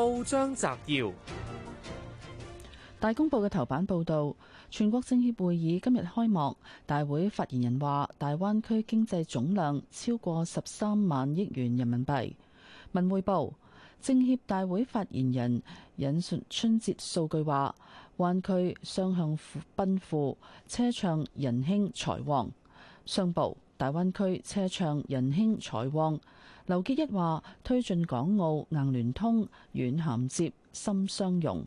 報章摘要：大公報嘅頭版報道，全國政協會議今日開幕，大會發言人話，大灣區經濟總量超過十三萬億元人民幣。文匯報，政協大會發言人引述春節數據話，灣區雙向奔赴，車暢人興財旺。商報。大灣區車暢人興財旺，劉潔一話推進港澳硬聯通、軟銜接、心相融。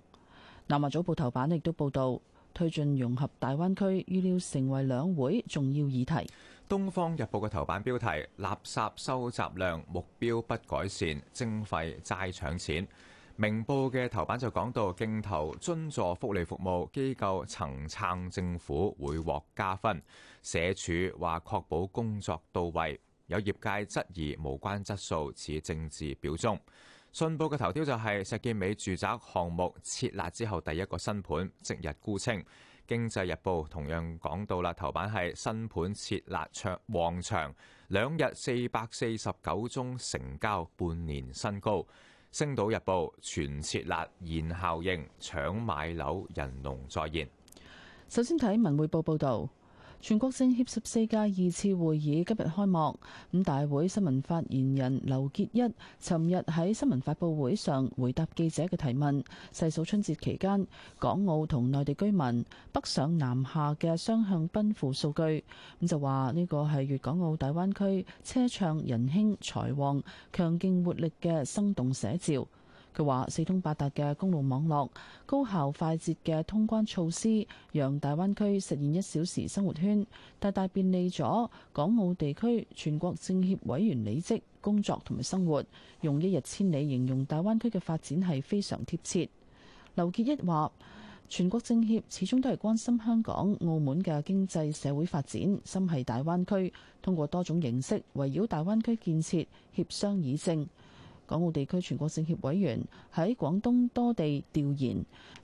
南華早報頭版亦都報導推進融合大灣區，預料成為兩會重要議題。《東方日報》嘅頭版標題：垃圾收集量目標不改善，徵費齋搶錢。明報嘅頭版就講到，競投資助福利服務機構，曾撐政府會獲加分。社署話確保工作到位，有業界質疑無關質素，似政治表忠。信報嘅頭條就係石建美住宅項目設立之後第一個新盤，即日沽清。經濟日報同樣講到啦，頭版係新盤設立長旺長兩日四百四十九宗成交，半年新高。星島日報全撤辣現效應，搶買樓人龍再現。首先睇文匯報報道。全國政協十四屆二次會議今日開幕，咁大會新聞發言人劉結一尋日喺新聞發布會上回答記者嘅提問，細數春節期間港澳同內地居民北上南下嘅雙向奔赴數據，咁就話呢個係粵港澳大灣區車暢人興財旺強勁活力嘅生動寫照。佢話：四通八達嘅公路網絡、高效快捷嘅通關措施，讓大灣區實現一小時生活圈，大大便利咗港澳地區全國政協委員履職工作同埋生活。用一日千里形容大灣區嘅發展係非常貼切。劉潔一話：全國政協始終都係關心香港、澳門嘅經濟社會發展，心繫大灣區，通過多種形式圍繞大灣區建設協商議政。港澳地區全國政協委員喺廣東多地調研，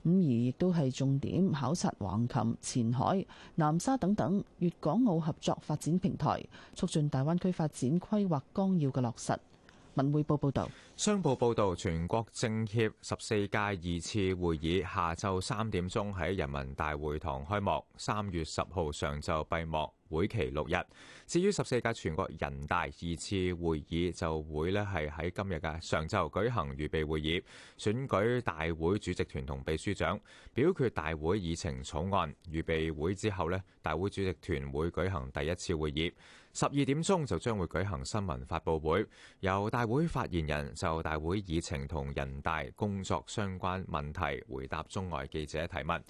咁而亦都係重點考察橫琴、前海、南沙等等粵港澳合作發展平台，促進大灣區發展規劃綱要嘅落實。文匯報報道，商報報道，全國政協十四屆二次會議下晝三點鐘喺人民大會堂開幕，三月十號上晝閉幕。會期六日。至於十四屆全國人大二次會議，就會咧係喺今日嘅上晝舉行預備會議，選舉大會主席團同秘書長，表決大會議程草案。預備會之後咧，大會主席團會舉行第一次會議，十二點鐘就將會舉行新聞發佈會，由大會發言人就大會議程同人大工作相關問題回答中外記者提問。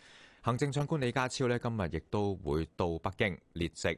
行政長官李家超呢今日亦都會到北京列席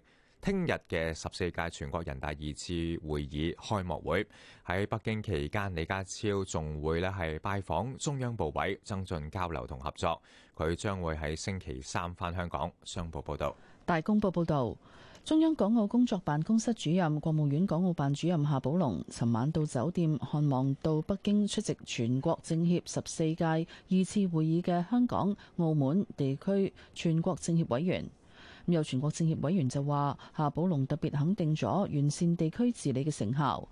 聽日嘅十四屆全國人大二次會議開幕會。喺北京期間，李家超仲會呢係拜訪中央部委，增進交流同合作。佢將會喺星期三返香港。商報報道。大公報報道。中央港澳工作辦公室主任、國務院港澳辦主任夏寶龍尋晚到酒店看望到北京出席全國政協十四屆二次會議嘅香港、澳門地區全國政協委員。有全國政協委員就話：夏寶龍特別肯定咗完善地區治理嘅成效。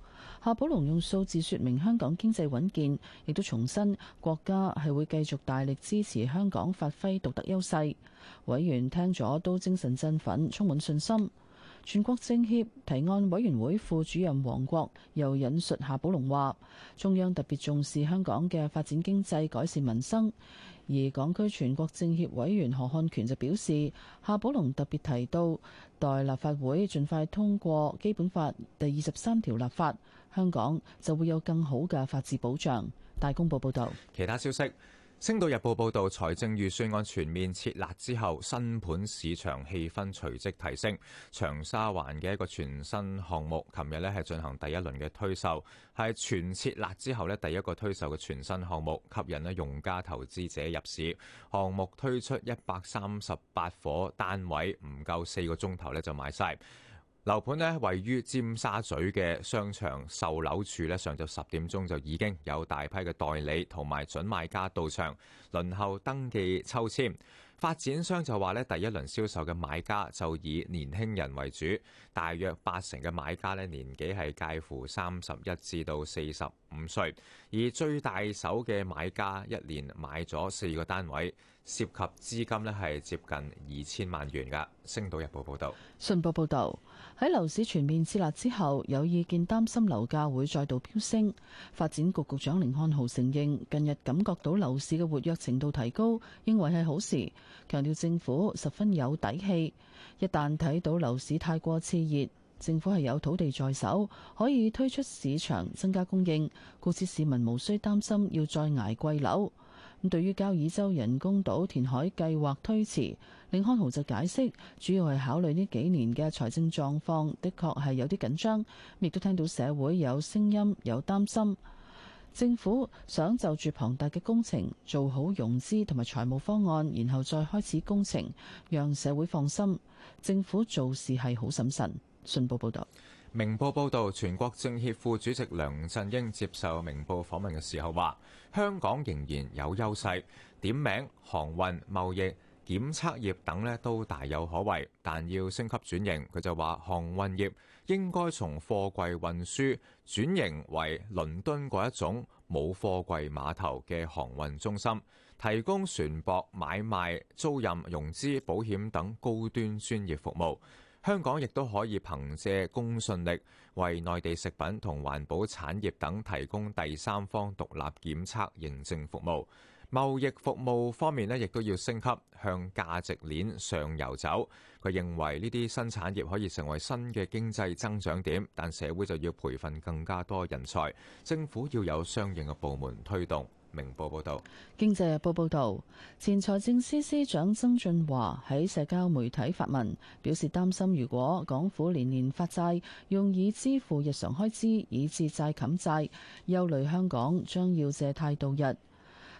夏寶龍用數字説明香港經濟穩健，亦都重申國家係會繼續大力支持香港發揮獨特優勢。委員聽咗都精神振奮，充滿信心。全國政協提案委員會副主任黃國又引述夏寶龍話：中央特別重視香港嘅發展經濟、改善民生。而港區全國政協委員何漢權就表示，夏寶龍特別提到，待立法會盡快通過基本法第二十三條立法，香港就會有更好嘅法治保障。大公報報道其他消息。星島日報報道，財政預算案全面設立之後，新盤市場氣氛隨即提升。長沙灣嘅一個全新項目，琴日呢係進行第一輪嘅推售，係全設立之後呢第一個推售嘅全新項目，吸引呢用家投資者入市。項目推出一百三十八伙單位，唔夠四個鐘頭呢就賣晒。樓盤咧，位於尖沙咀嘅商場售樓處咧，上晝十點鐘就已經有大批嘅代理同埋準買家到場輪候登記抽籤。發展商就話咧，第一輪銷售嘅買家就以年輕人為主，大約八成嘅買家咧年紀係介乎三十一至到四十五歲，而最大手嘅買家一年買咗四個單位，涉及資金咧係接近二千萬元噶。星島日報報道。信報報道。喺樓市全面設立之後，有意見擔心樓價會再度飆升。發展局局長甯漢豪承認，近日感覺到樓市嘅活躍程度提高，認為係好事，強調政府十分有底氣。一旦睇到樓市太過熾熱，政府係有土地在手，可以推出市場增加供應，故此市民無需擔心要再捱貴樓。咁對於交椅洲人工島填海計劃推遲，甯漢豪就解釋，主要係考慮呢幾年嘅財政狀況，的確係有啲緊張。亦都聽到社會有聲音，有擔心，政府想就住龐大嘅工程做好融資同埋財務方案，然後再開始工程，讓社會放心。政府做事係好審慎。信報報導。明報報導，全國政協副主席梁振英接受明報訪問嘅時候話：香港仍然有優勢，點名航運、貿易、檢測業等呢都大有可為，但要升級轉型。佢就話：航運業應該從貨櫃運輸轉型為倫敦嗰一種冇貨櫃碼頭嘅航運中心，提供船舶買賣、租賃、融資、保險等高端專業服務。香港亦都可以憑借公信力，為內地食品同環保產業等提供第三方獨立檢測認證服務。貿易服務方面呢，亦都要升級，向價值鏈上游走。佢認為呢啲新產業可以成為新嘅經濟增長點，但社會就要培訓更加多人才，政府要有相應嘅部門推動。明報報導，《經濟日報》報導，前財政司司長曾俊華喺社交媒體發文，表示擔心，如果港府年年發債用以支付日常開支，以致債冚債，憂慮香港將要借貸度日。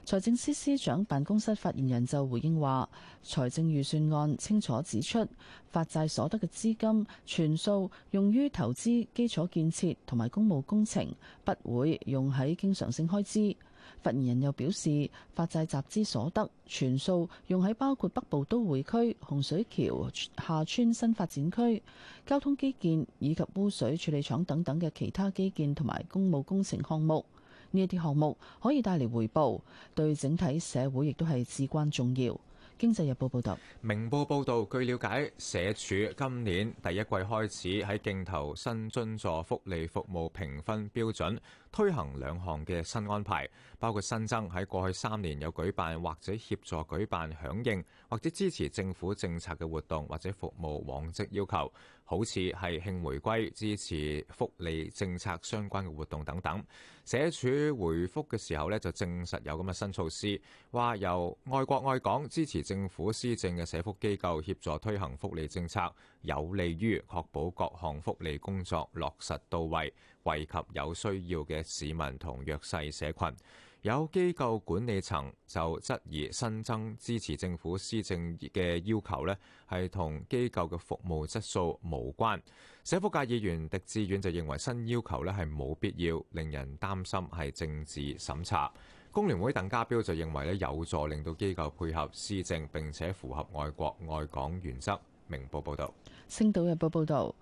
財政司司長辦公室發言人就回應話，財政預算案清楚指出，發債所得嘅資金全數用於投資基礎建設同埋公務工程，不會用喺經常性開支。發言人又表示，發債集資所得全數用喺包括北部都會區、洪水橋廈村新發展區、交通基建以及污水處理廠等等嘅其他基建同埋公務工程項目。呢一啲項目可以帶嚟回報，對整體社會亦都係至關重要。經濟日報報道，明報報道，據了解，社署今年第一季開始喺競投新津助福利服務評分標準，推行兩項嘅新安排，包括新增喺過去三年有舉辦或者協助舉辦響應或者支持政府政策嘅活動或者服務往績要求，好似係慶回歸支持福利政策相關嘅活動等等。社署回覆嘅時候咧，就證實有咁嘅新措施，話由愛國愛港、支持政府施政嘅社福機構協助推行福利政策，有利於確保各項福利工作落實到位。惠及有需要嘅市民同弱勢社群，有機構管理層就質疑新增支持政府施政嘅要求呢，係同機構嘅服務質素無關。社福界議員狄志遠就認為新要求呢，係冇必要，令人擔心係政治審查。工聯會鄧家彪就認為呢，有助令到機構配合施政並且符合愛國愛港原則。明報報道，星島日報報道，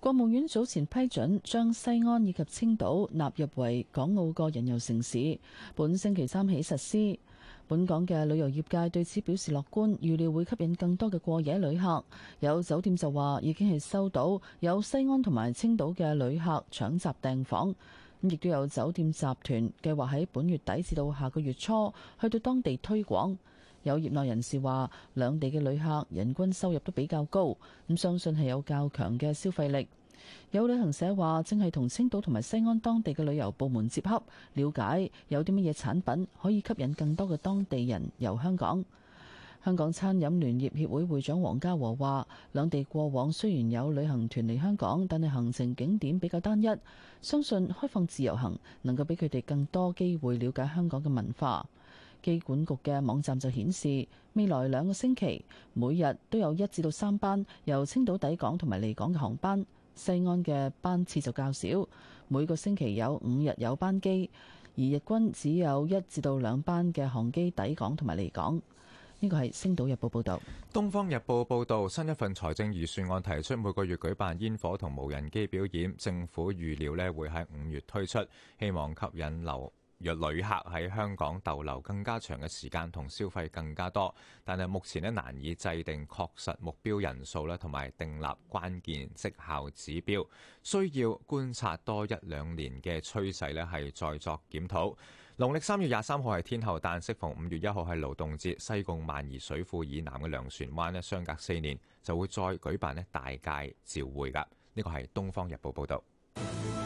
國務院早前批准將西安以及青島納入為港澳個人遊城市，本星期三起實施。本港嘅旅遊業界對此表示樂觀，預料會吸引更多嘅過夜旅客。有酒店就話已經係收到有西安同埋青島嘅旅客搶集訂房，咁亦都有酒店集團計劃喺本月底至到下個月初去到當地推廣。有業內人士話，兩地嘅旅客人均收入都比較高，咁相信係有較強嘅消費力。有旅行社話，正係同青島同埋西安當地嘅旅遊部門接洽，了解有啲乜嘢產品可以吸引更多嘅當地人遊香港。香港餐飲聯業協會會長黃家和話，兩地過往雖然有旅行團嚟香港，但係行程景點比較單一，相信開放自由行能夠俾佢哋更多機會了解香港嘅文化。機管局嘅網站就顯示，未來兩個星期每日都有一至到三班由青島抵港同埋離港嘅航班。西安嘅班次就較少，每個星期有五日有班機，而日均只有一至到兩班嘅航機抵港同埋離港。呢個係《星島日報》報道。《東方日報》報道，新一份財政預算案提出每個月舉辦煙火同無人機表演，政府預料咧會喺五月推出，希望吸引流。若旅客喺香港逗留更加長嘅時間同消費更加多，但係目前呢難以制定確實目標人數呢，同埋訂立關鍵績效指標，需要觀察多一兩年嘅趨勢呢，係再作檢討。農曆三月廿三號係天后誕，但適逢五月一號係勞動節，西貢萬宜水庫以南嘅糧船灣呢，相隔四年就會再舉辦呢大戒朝會㗎。呢個係《東方日報》報道。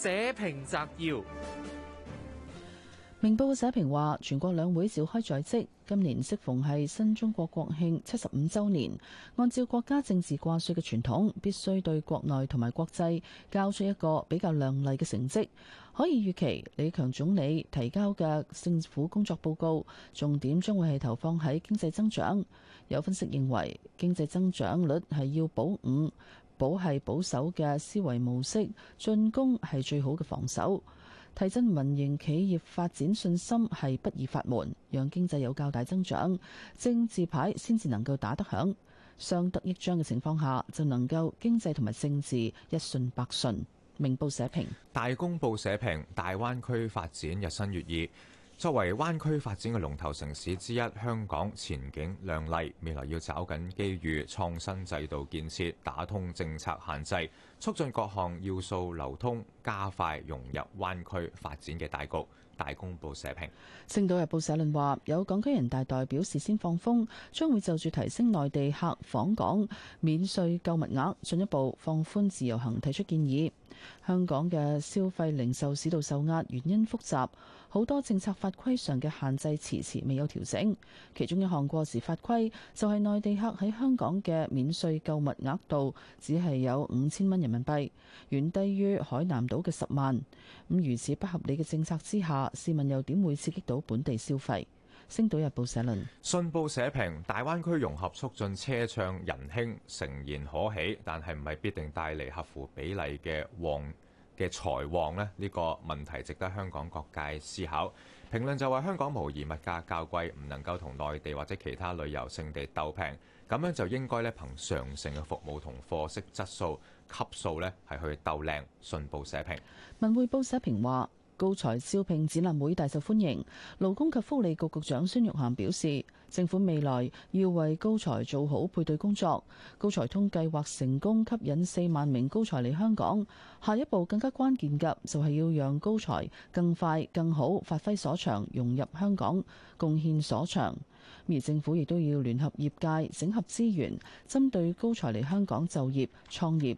社評摘要：明報嘅社評話，全國兩會召開在即，今年適逢係新中國國慶七十五周年，按照國家政治掛帥嘅傳統，必須對國內同埋國際交出一個比較亮麗嘅成績。可以預期，李強總理提交嘅政府工作報告重點將會係投放喺經濟增長。有分析認為，經濟增長率係要保五。保係保守嘅思維模式，進攻係最好嘅防守。提振民營企業發展信心係不二法門，讓經濟有較大增長，政治牌先至能夠打得響，相得益彰嘅情況下，就能夠經濟同埋政治一順百順。明報社評。大公報社評，大灣區發展日新月異。作為灣區發展嘅龍頭城市之一，香港前景亮麗，未來要抓緊機遇，創新制度建設，打通政策限制，促進各項要素流通，加快融入灣區發展嘅大局。大公報社評，《星島日報》社論話：有港區人大代表事先放風，將會就住提升內地客訪港免稅購物額，進一步放寬自由行，提出建議。香港嘅消費零售市道受壓，原因複雜。好多政策法規上嘅限制遲遲未有調整，其中一項過時法規就係內地客喺香港嘅免稅購物額度，只係有五千蚊人民幣，遠低於海南島嘅十萬，咁如此不合理嘅政策之下，市民又點會刺激到本地消費？星島日報社論，信報社評：大灣區融合促進車暢人興，誠然可喜，但係唔係必定帶嚟合乎比例嘅旺嘅財旺咧，呢、呢個問題值得香港各界思考。評論就話香港無疑物價較貴，唔能夠同內地或者其他旅遊勝地鬥平，咁樣就應該呢，憑常性嘅服務同貨色質素級數呢，係去鬥靚。信報社評、文匯報社評話高才招聘展覽會大受歡迎，勞工及福利局局，局長孫玉菡表示，政府未來要為高才做好配對工作，高才通計劃成功吸引四萬名高才嚟香港。下一步更加關鍵嘅就係要讓高才更快、更好發揮所長，融入香港，貢獻所長。而政府亦都要聯合業界，整合資源，針對高才嚟香港就業、創業、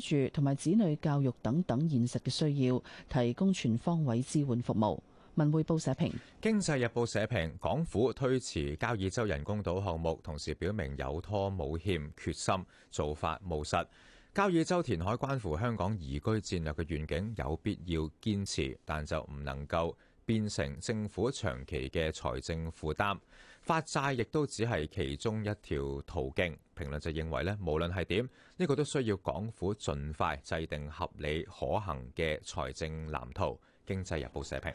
居住同埋子女教育等等現實嘅需要，提供全方位支援服務。文匯報社評，經濟日報社評，港府推遲交椅洲人工島項目，同時表明有拖冇欠決心做法務實。交椅洲填海關乎香港宜居戰略嘅願景，有必要堅持，但就唔能夠變成政府長期嘅財政負擔。發債亦都只係其中一條途徑。評論就認為咧，無論係點呢個都需要港府盡快制定合理可行嘅財政藍圖。經濟日報社評。